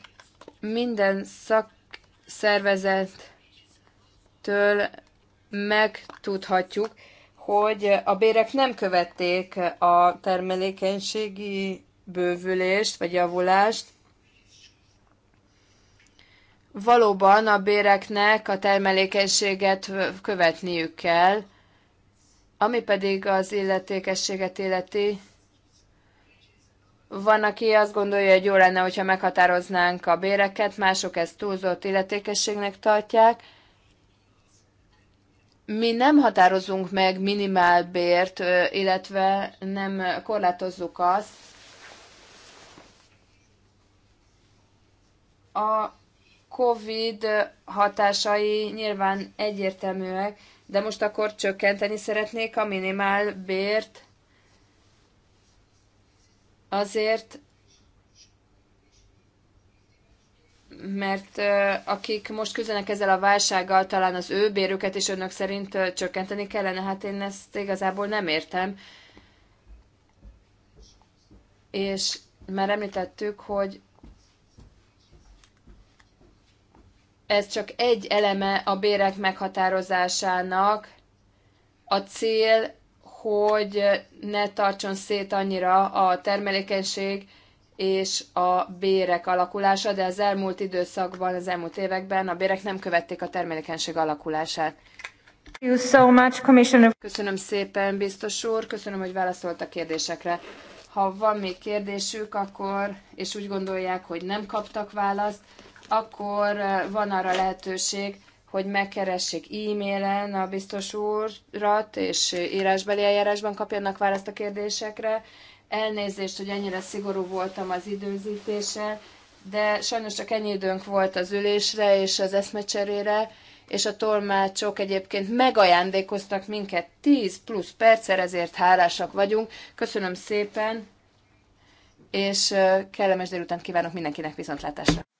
minden szakszervezettől megtudhatjuk, hogy a bérek nem követték a termelékenységi bővülést vagy javulást. Valóban a béreknek a termelékenységet követniük kell, ami pedig az illetékességet illeti van, aki azt gondolja, hogy jó lenne, hogyha meghatároznánk a béreket, mások ezt túlzott illetékességnek tartják. Mi nem határozunk meg minimálbért, illetve nem korlátozzuk azt. A COVID hatásai nyilván egyértelműek, de most akkor csökkenteni szeretnék a minimálbért Azért, mert akik most küzdenek ezzel a válsággal, talán az ő bérüket is önök szerint csökkenteni kellene. Hát én ezt igazából nem értem. És már említettük, hogy ez csak egy eleme a bérek meghatározásának. A cél hogy ne tartson szét annyira a termelékenység és a bérek alakulása, de az elmúlt időszakban, az elmúlt években a bérek nem követték a termelékenység alakulását. Köszönöm szépen, biztos úr, köszönöm, hogy válaszolt a kérdésekre. Ha van még kérdésük, akkor, és úgy gondolják, hogy nem kaptak választ, akkor eh, van arra lehetőség, hogy megkeressék e-mailen a biztos úrat, és írásbeli eljárásban kapjanak választ a kérdésekre. Elnézést, hogy ennyire szigorú voltam az időzítése, de sajnos csak ennyi időnk volt az ülésre és az eszmecserére, és a tolmácsok egyébként megajándékoztak minket 10 plusz percer, ezért hálásak vagyunk. Köszönöm szépen, és kellemes délután kívánok mindenkinek viszontlátásra!